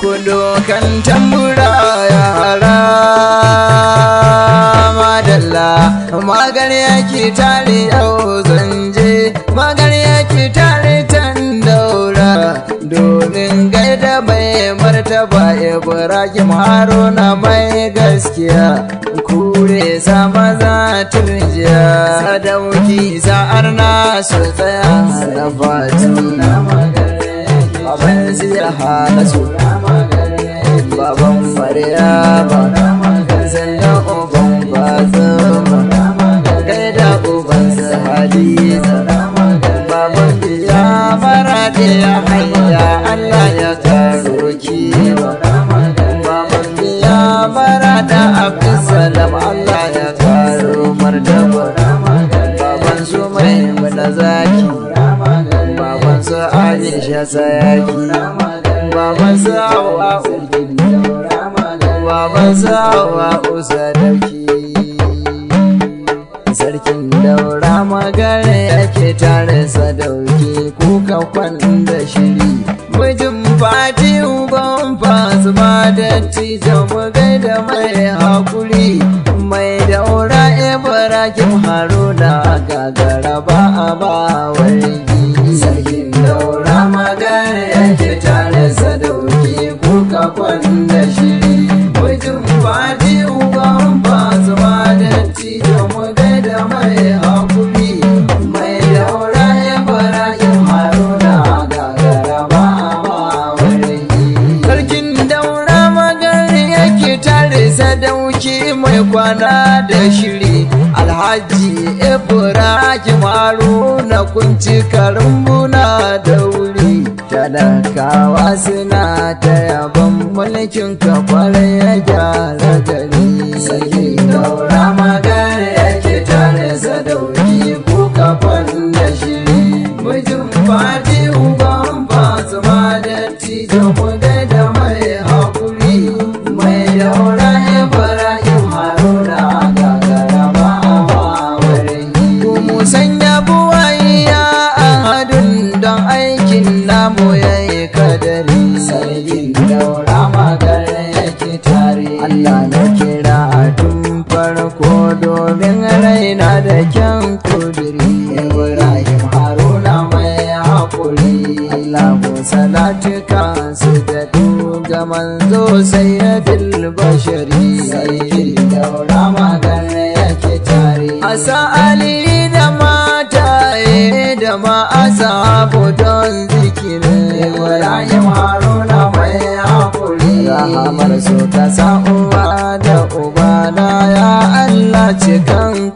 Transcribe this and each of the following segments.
Kudo kan tambura yara madalla magar yake tare yau zanje magar yake tare tan daura domin gaida mai martaba ibrahim haruna mai gaskiya kure sa maza turjiya sadauki za na su tsaya na fatan baban zira halasu baban fariya ba sayaki baban su hawa baban su hawa sarkin daura magana yake tare sadauki kuka kwan da shiri mijin fati uban fasu ba da tijan mu da mai hakuri mai daura ibrahim haru kwana da shiri alhaji ibrahim haruna kunci karumbuna da wuri talakawa suna ta yaban mulkin kwarai ya lahu salatuka sujadu ga manzo sayyidil bashari sayyidil daura magan yake tare asa ali da mataye da ma asabu don zikirin ibrahim haruna mai hakuri rahamar su ta sa'uwa da ubana ya allah cikan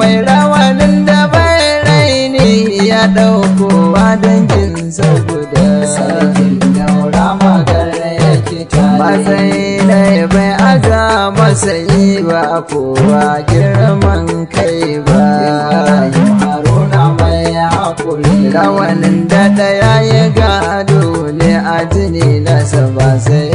mai rawanin da bai raini ya ɗaukowa dangin guda sarkin daura magana yake tare matsayi dai bai aza masa yi ba kowa girman kai ba haruna mai hakuri rawanin da ɗaya ya gado ne a jini nasa ba sai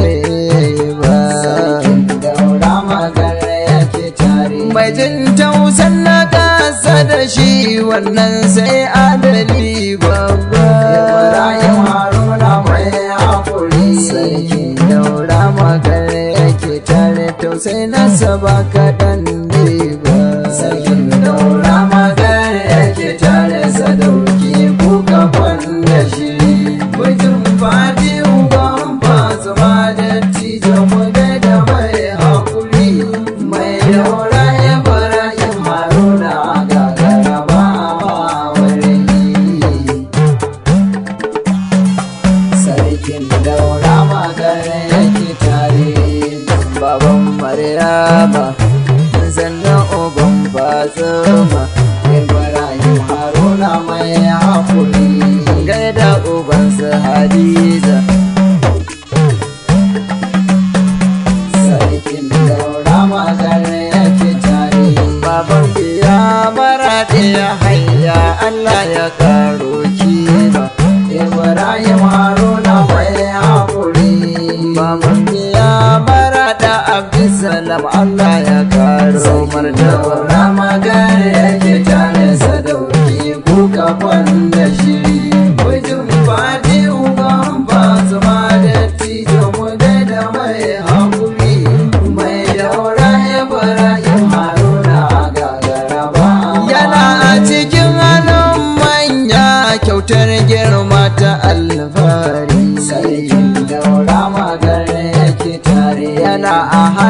wannan sai adali babba Ibrahim Haruna mai hakuri sarki daura magana yake tare tausayi na saba kaɗan ne ba sarki daura magana yake tare sadauki buka kwanda shi mutum fadi uban ma da tijo mu da mai hakuri mai daura mai haƙuri uban ubansu hadiza sarkin daura magar yake tare baban biya mara ya hanya allah ya karo kiba ibrahim haruna mai haƙuri baban biya mara da abdulsalam allah ya karo martaba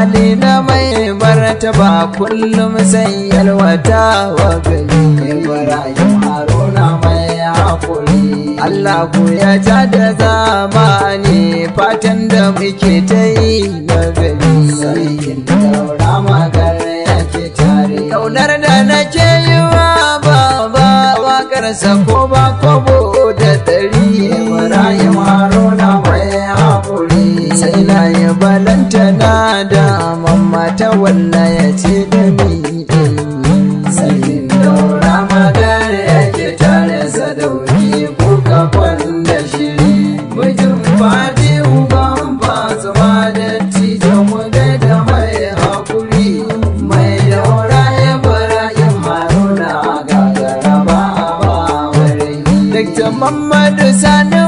hali na mai barata ba kullum sai yalwata wa gari ibrahim haruna mai hakuri allah ku ya ja da zamani fatan da muke ta yi na gari sarkin daura magar yake tare kaunar da nake yi wa baba wakarsa ko ba kwabo da dari ibrahim haruna ya balanta na da mamma ta walla ya ce da ni sakin daura magar yake tare sadauki kuka kwanda shiri mijin fadi uban fatima da tijo mu da mai hakuri mai daura ya bara yin haruna gagara ba a ba wari. Dr. Mamadu Sani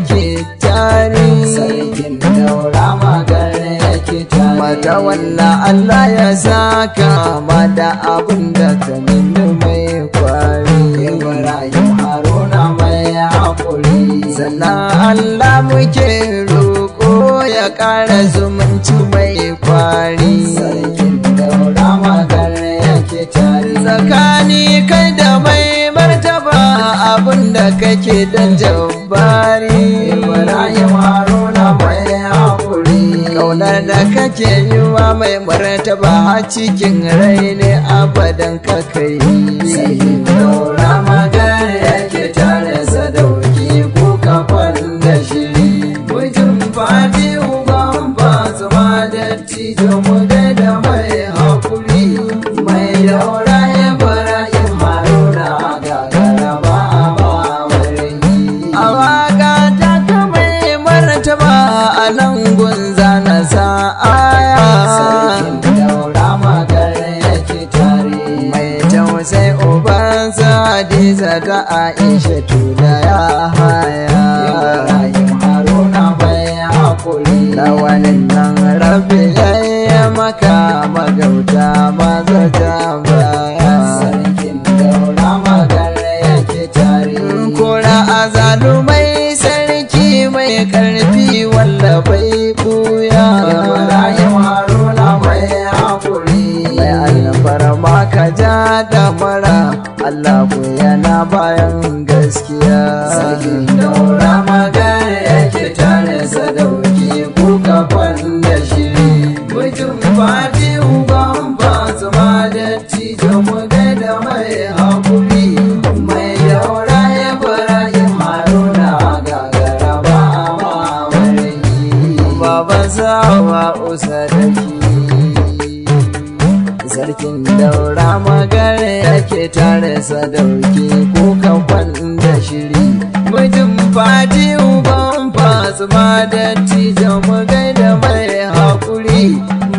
yake tari sarkin daura magana yake tari mata walla Allah ya saka mata abin da ka nemi mai kwari Ibrahim Haruna mai hakuri sannan Allah muke roƙo ya ƙara zumunci mai kwari sarkin daura magana yake tari tsakani kai da mai martaba abin da kake don ƙaunar da kake yi wa mai martaba cikin rai ne abadan kakai Hadiza ga Aisha da ya haya Haruna bai hakuri Kawanin nan rabi ya maka magauta maza ta baya Sarkin daura magana yake tare azalu, azalumai sarki mai karfi wanda bai buya Ibrahim Haruna bai hakuri Mai alfarma ka ja da mara sadauke ko ka kwanda shiri mutum fati uban fasu ma da tijan magai da mai haƙuri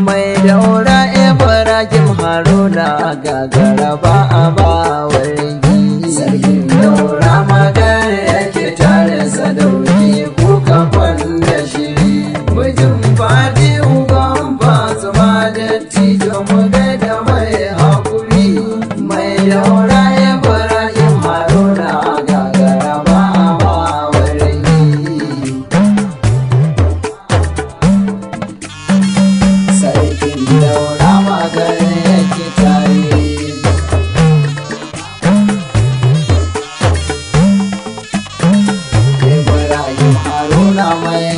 mai daura ibrahim haruna gagara ba a ba wargi sarkin daura magar yake tare sadauke ko ka kwanda shiri mutum fati uban fasu ma da tijan da mai hakuri mai daura I'm away.